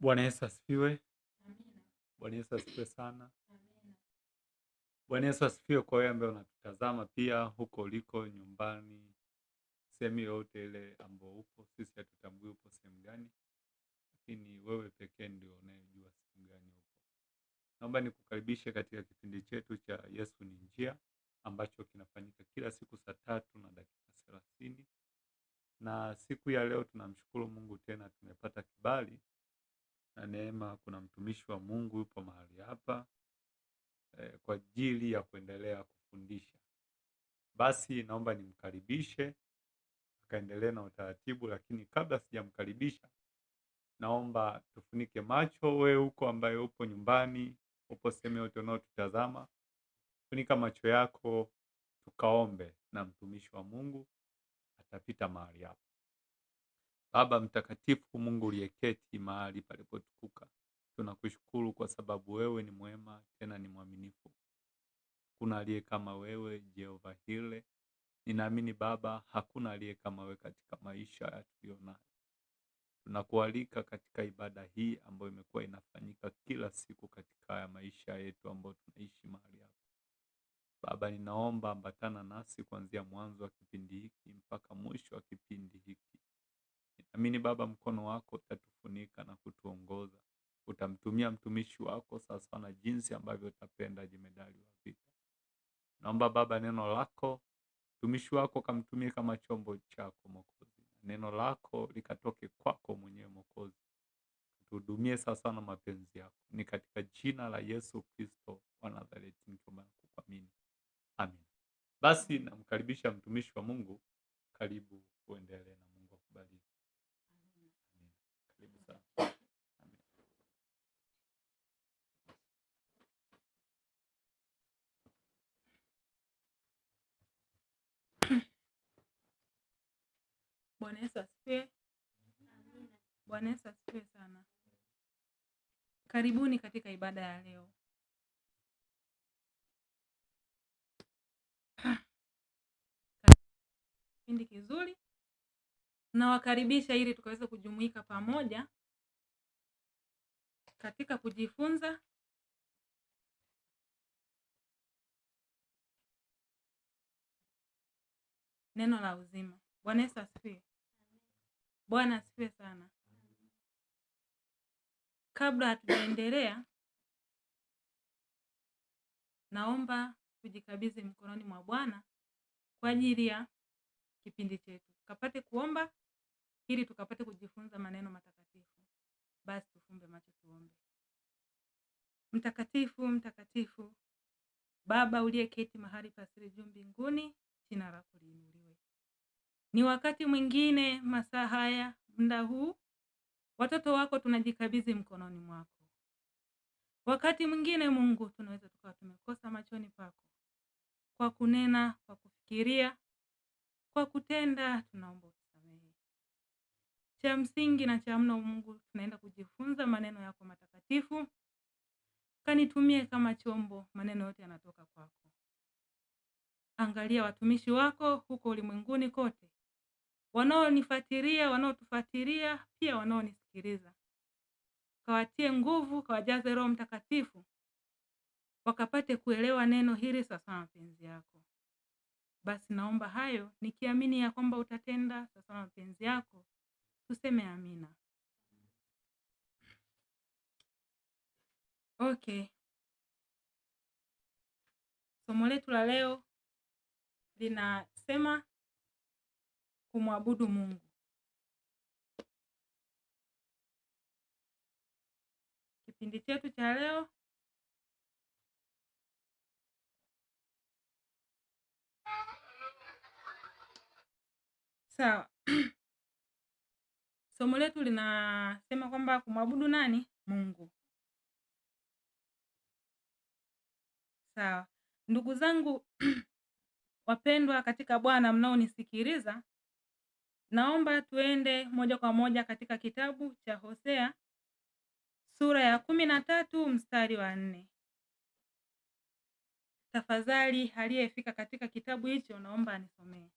Bwana Yesu asifiwe. Bwana Yesu asifiwe sana. Bwana Yesu asifiwe kwa wewe ambaye unatutazama pia huko uliko nyumbani, sehemu yoyote ile ambao upo. Sisi hatutambui upo sehemu gani, lakini wewe pekee ndio unayejua sehemu gani upo. Naomba nikukaribishe katika kipindi chetu cha Yesu ni Njia ambacho kinafanyika kila siku saa tatu na dakika thelathini na siku ya leo tunamshukuru Mungu tena tumepata kibali na neema. Kuna mtumishi wa Mungu yupo mahali hapa eh, kwa ajili ya kuendelea kufundisha. Basi naomba nimkaribishe akaendelee na utaratibu, lakini kabla sijamkaribisha, naomba tufunike macho. Wewe huko ambaye upo nyumbani, upo sehemu yote unaotutazama, funika macho yako, tukaombe na mtumishi wa Mungu atapita mahali hapa. Baba Mtakatifu, Mungu uliyeketi mahali palipotukuka, tunakushukuru kwa sababu wewe ni mwema tena ni mwaminifu. Hakuna aliye kama wewe Jehova Hile. Ninaamini Baba, hakuna aliye kama wewe katika maisha tuliyonayo. Tunakualika katika ibada hii ambayo imekuwa inafanyika kila siku katika haya maisha yetu ambayo tunaishi mahali hapa. Baba, ninaomba ambatana nasi kuanzia mwanzo wa kipindi hiki mpaka mwisho wa kipindi hiki Naamini Baba, mkono wako utatufunika na kutuongoza, utamtumia mtumishi wako sawasawa na jinsi ambavyo utapenda. Jemedari wa vita, naomba Baba, neno lako mtumishi wako kamtumie kama chombo chako Mwokozi, neno lako likatoke kwako mwenyewe Mwokozi, tuhudumie sawasawa na mapenzi yako, ni katika jina la Yesu Kristo wa Nazareti kukuamini, amen. Basi namkaribisha mtumishi wa Mungu, karibu. Bwana Yesu asifiwe. Bwana Yesu asifiwe sana. Karibuni katika ibada ya leo. Kipindi kizuri nawakaribisha ili tukaweza kujumuika pamoja katika kujifunza neno la uzima. Bwana Yesu asifiwe. Bwana asifiwe sana. Kabla hatujaendelea, naomba tujikabidhi mikononi mwa Bwana kwa ajili ya kipindi chetu, tukapate kuomba ili tukapate kujifunza maneno matakatifu. Basi tufumbe macho tuombe. Mtakatifu, mtakatifu, Baba uliyeketi mahali pa siri juu mbinguni, jina lako liinuliwe ni wakati mwingine, masaa haya, muda huu, watoto wako tunajikabidhi mkononi mwako. Wakati mwingine, Mungu, tunaweza tukawa tumekosa machoni pako, kwa kunena, kwa kufikiria, kwa kutenda, tunaomba utusamehe. Cha msingi na cha mno, Mungu, tunaenda kujifunza maneno yako matakatifu, kanitumie kama chombo, maneno yote yanatoka kwako. Angalia watumishi wako huko ulimwenguni kote, wanaonifuatilia, wanaotufuatilia pia wanaonisikiliza. Kawatie nguvu, kawajaze Roho Mtakatifu wakapate kuelewa neno hili sasa mapenzi yako. Basi naomba hayo nikiamini ya kwamba utatenda sasa na mapenzi yako. Tuseme amina. Okay, somo letu la leo linasema kumwabudu Mungu. Kipindi chetu cha leo sawa. Somo letu linasema kwamba kumwabudu nani? Mungu. Sawa ndugu zangu wapendwa katika Bwana mnaonisikiliza, Naomba tuende moja kwa moja katika kitabu cha Hosea sura ya kumi na tatu mstari wa nne. Tafadhali aliyefika katika kitabu hicho naomba anisomee.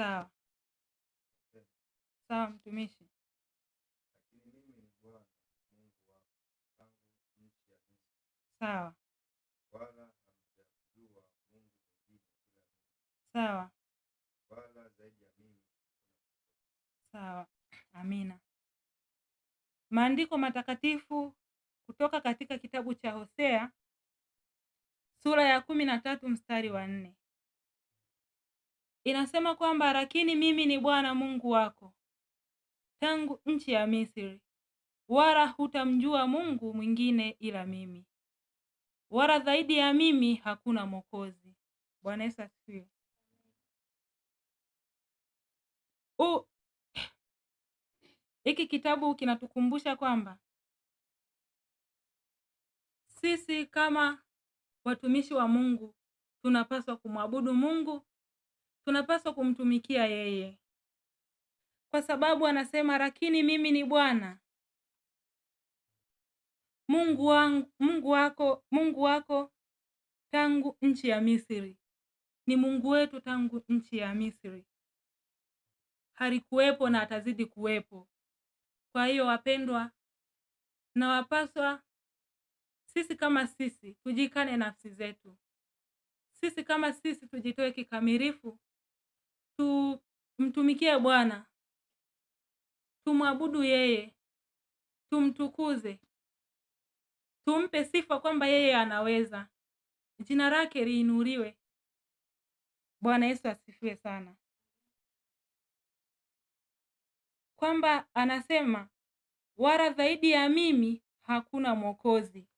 Sawa sawa, mtumishi. Sawa sawa sawa, amina. Maandiko matakatifu kutoka katika kitabu cha Hosea sura ya kumi na tatu mstari wa nne inasema kwamba lakini mimi ni Bwana Mungu wako tangu nchi ya Misri, wala hutamjua Mungu mwingine ila mimi, wala zaidi ya mimi hakuna mwokozi. Bwana Yesu asifiwe. Hiki kitabu kinatukumbusha kwamba sisi kama watumishi wa Mungu tunapaswa kumwabudu Mungu tunapaswa kumtumikia yeye, kwa sababu anasema, lakini mimi ni Bwana Mungu wangu, Mungu wako, Mungu wako tangu nchi ya Misri. Ni Mungu wetu tangu nchi ya Misri, halikuwepo na atazidi kuwepo. Kwa hiyo wapendwa, na wapaswa sisi kama sisi tujikane nafsi zetu, sisi kama sisi tujitoe kikamilifu Tumtumikie Bwana, tumwabudu yeye, tumtukuze, tumpe sifa kwamba yeye anaweza, jina lake liinuliwe. Bwana Yesu asifiwe sana, kwamba anasema wala zaidi ya mimi hakuna mwokozi.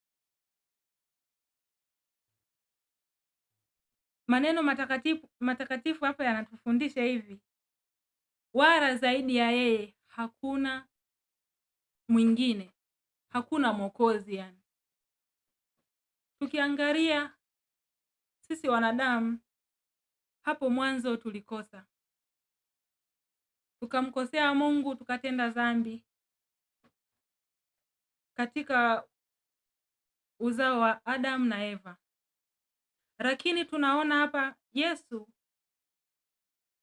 Maneno matakatifu matakatifu hapa yanatufundisha hivi, wala zaidi ya yeye hakuna mwingine, hakuna mwokozi. Yani tukiangalia sisi wanadamu, hapo mwanzo tulikosa, tukamkosea Mungu, tukatenda dhambi katika uzao wa Adamu na Eva lakini tunaona hapa Yesu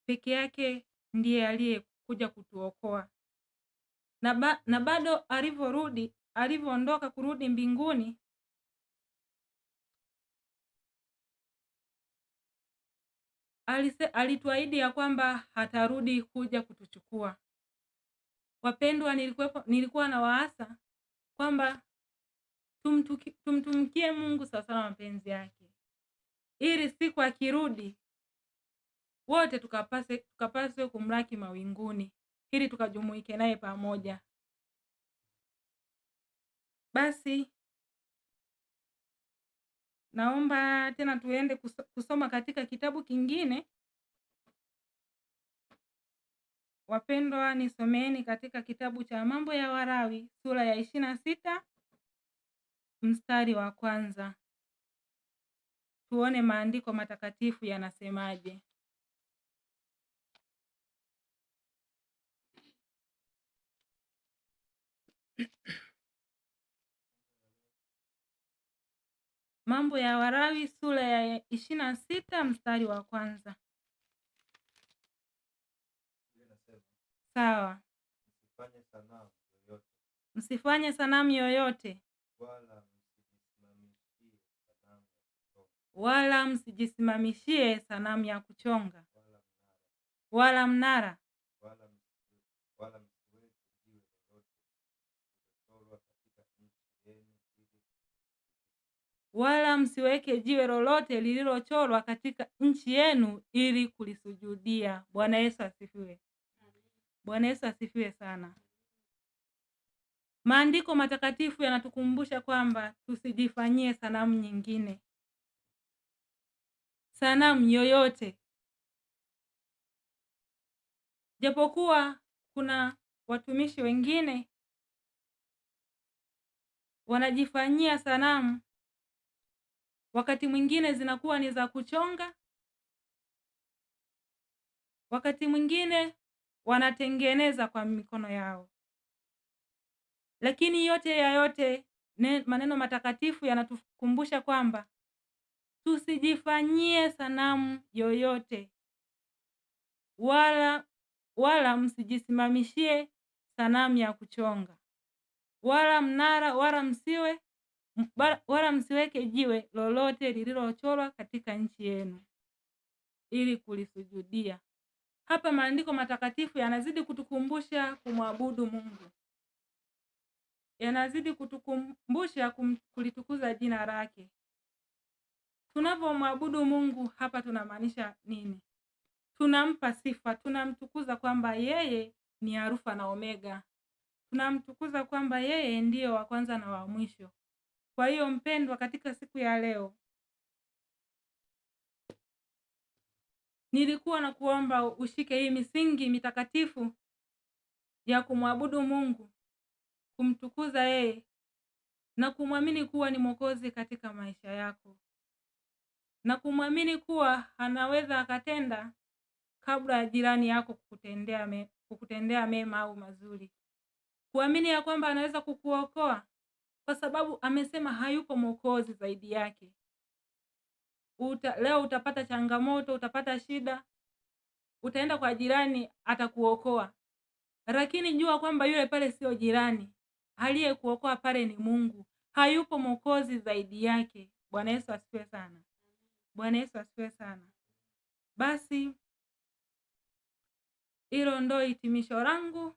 peke yake ndiye aliyekuja kutuokoa na, ba, na bado alivyorudi alivyoondoka kurudi mbinguni alise, alituahidi ya kwamba hatarudi kuja kutuchukua. Wapendwa, nilikuwa, nilikuwa na waasa kwamba tumtumikie Mungu sawasawa na mapenzi yake ili siku akirudi wote tukapase tukapaswe kumlaki mawinguni ili tukajumuike naye pamoja. Basi naomba tena tuende kusoma katika kitabu kingine. Wapendwa, nisomeni katika kitabu cha Mambo ya warawi sura ya ishirini na sita mstari wa kwanza. Tuone maandiko matakatifu yanasemaje. Mambo ya Warawi sura ya ishirini na sita mstari wa kwanza. Sawa, msifanye sanamu yoyote wala wala msijisimamishie sanamu ya kuchonga wala mnara wala msiweke jiwe lolote lililochorwa katika nchi yenu ili kulisujudia. Bwana Yesu asifiwe. Bwana Yesu asifiwe sana. Maandiko matakatifu yanatukumbusha kwamba tusijifanyie sanamu nyingine sanamu yoyote, japokuwa kuna watumishi wengine wanajifanyia sanamu, wakati mwingine zinakuwa ni za kuchonga, wakati mwingine wanatengeneza kwa mikono yao. Lakini yote ya yote, maneno matakatifu yanatukumbusha kwamba Tusijifanyie sanamu yoyote, wala wala msijisimamishie sanamu ya kuchonga, wala mnara, wala msiwe wala msiweke jiwe lolote lililochorwa katika nchi yenu ili kulisujudia. Hapa maandiko matakatifu yanazidi kutukumbusha kumwabudu Mungu, yanazidi kutukumbusha kum, kulitukuza jina lake. Tunapomwabudu Mungu hapa tunamaanisha nini? Tunampa sifa, tunamtukuza kwamba yeye ni Alfa na Omega, tunamtukuza kwamba yeye ndiyo wa kwanza na wa mwisho. Kwa hiyo mpendwa, katika siku ya leo nilikuwa na kuomba ushike hii misingi mitakatifu ya kumwabudu Mungu, kumtukuza yeye na kumwamini kuwa ni Mwokozi katika maisha yako na kumwamini kuwa anaweza akatenda kabla ya jirani yako kukutendea, me, kukutendea mema au mazuri. Kuamini ya kwamba anaweza kukuokoa kwa sababu amesema hayupo mwokozi zaidi yake. Uta, leo utapata changamoto, utapata shida, utaenda kwa jirani atakuokoa, lakini jua kwamba yule pale sio jirani, aliyekuokoa pale ni Mungu, hayupo mwokozi zaidi yake. Bwana Yesu asifiwe sana. Bwana Yesu asifiwe sana. Basi hilo ndo hitimisho langu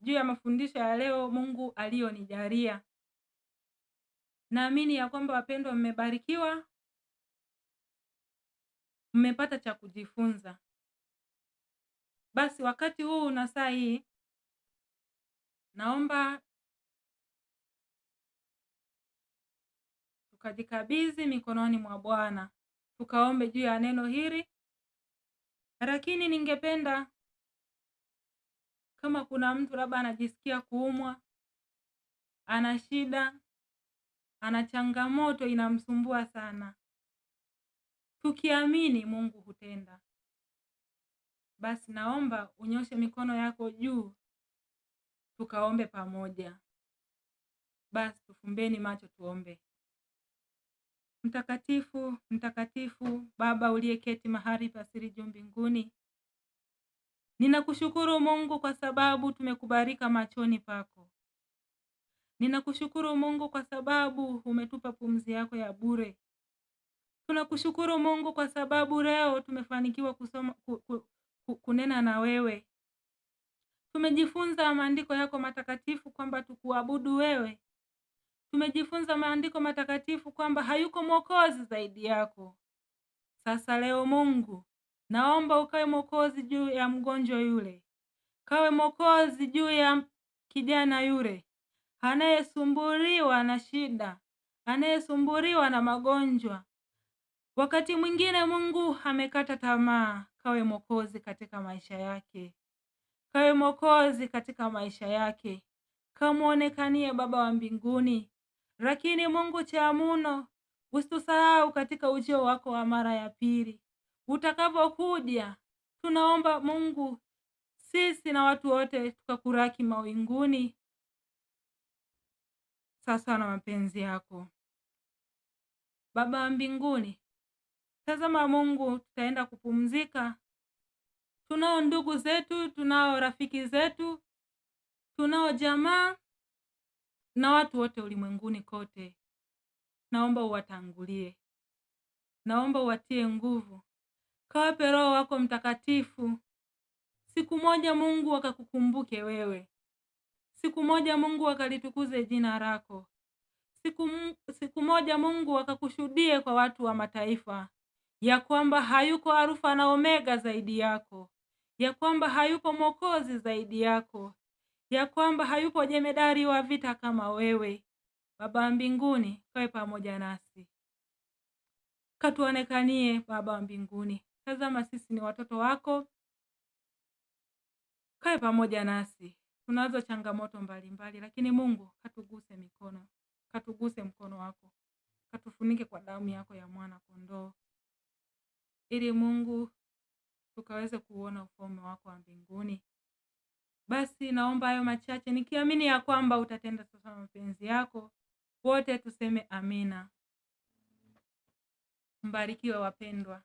juu ya mafundisho ya leo Mungu aliyonijalia. Naamini ya kwamba wapendwa, mmebarikiwa, mmepata cha kujifunza. Basi wakati huu na saa hii, naomba tukajikabidhi mikononi mwa Bwana, tukaombe juu ya neno hili. Lakini ningependa kama kuna mtu labda anajisikia kuumwa, ana shida, ana changamoto inamsumbua sana, tukiamini Mungu hutenda. Basi naomba unyoshe mikono yako juu, tukaombe pamoja. Basi tufumbeni macho tuombe. Mtakatifu, mtakatifu, Baba uliyeketi mahali siri juu mbinguni, ninakushukuru Mungu kwa sababu tumekubarika machoni pako. Ninakushukuru Mungu kwa sababu umetupa pumzi yako ya bure. Tunakushukuru Mungu kwa sababu leo tumefanikiwa kusoma, kunena na wewe. Tumejifunza maandiko yako matakatifu kwamba tukuabudu wewe Tumejifunza maandiko matakatifu kwamba hayuko mwokozi zaidi yako. Sasa leo, Mungu, naomba ukawe mwokozi juu ya mgonjwa yule, kawe mwokozi juu ya kijana yule anayesumbuliwa na shida, anayesumbuliwa na magonjwa. Wakati mwingine, Mungu, amekata tamaa, kawe mwokozi katika maisha yake, kawe mwokozi katika maisha yake, kamwonekanie Baba wa mbinguni lakini Mungu cha muno, usitusahau katika ujio wako wa mara ya pili utakapokuja. Tunaomba Mungu, sisi na watu wote tukakuraki mawinguni sasa na mapenzi yako Baba mbinguni. Tazama Mungu, tutaenda kupumzika. Tunao ndugu zetu, tunao rafiki zetu, tunao jamaa na watu wote ulimwenguni kote. Naomba uwatangulie, naomba uwatie nguvu, kawape Roho wako Mtakatifu. Siku moja Mungu akakukumbuke wewe, siku moja Mungu akalitukuze jina lako, siku, siku moja Mungu akakushuhudie kwa watu wa mataifa ya kwamba hayuko Alfa na Omega zaidi yako, ya kwamba hayuko Mwokozi zaidi yako ya kwamba hayupo jemedari wa vita kama wewe. Baba wa mbinguni, kawe pamoja nasi, katuonekanie Baba wa mbinguni. Tazama sisi ni watoto wako, kawe pamoja nasi. Tunazo changamoto mbalimbali mbali, lakini Mungu katuguse mikono, katuguse mkono wako, katufunike kwa damu yako ya mwana kondoo, ili Mungu tukaweze kuona ufalme wako wa mbinguni. Basi naomba hayo machache nikiamini ya kwamba utatenda sasa mapenzi yako. Wote tuseme amina. Mbarikiwe wapendwa.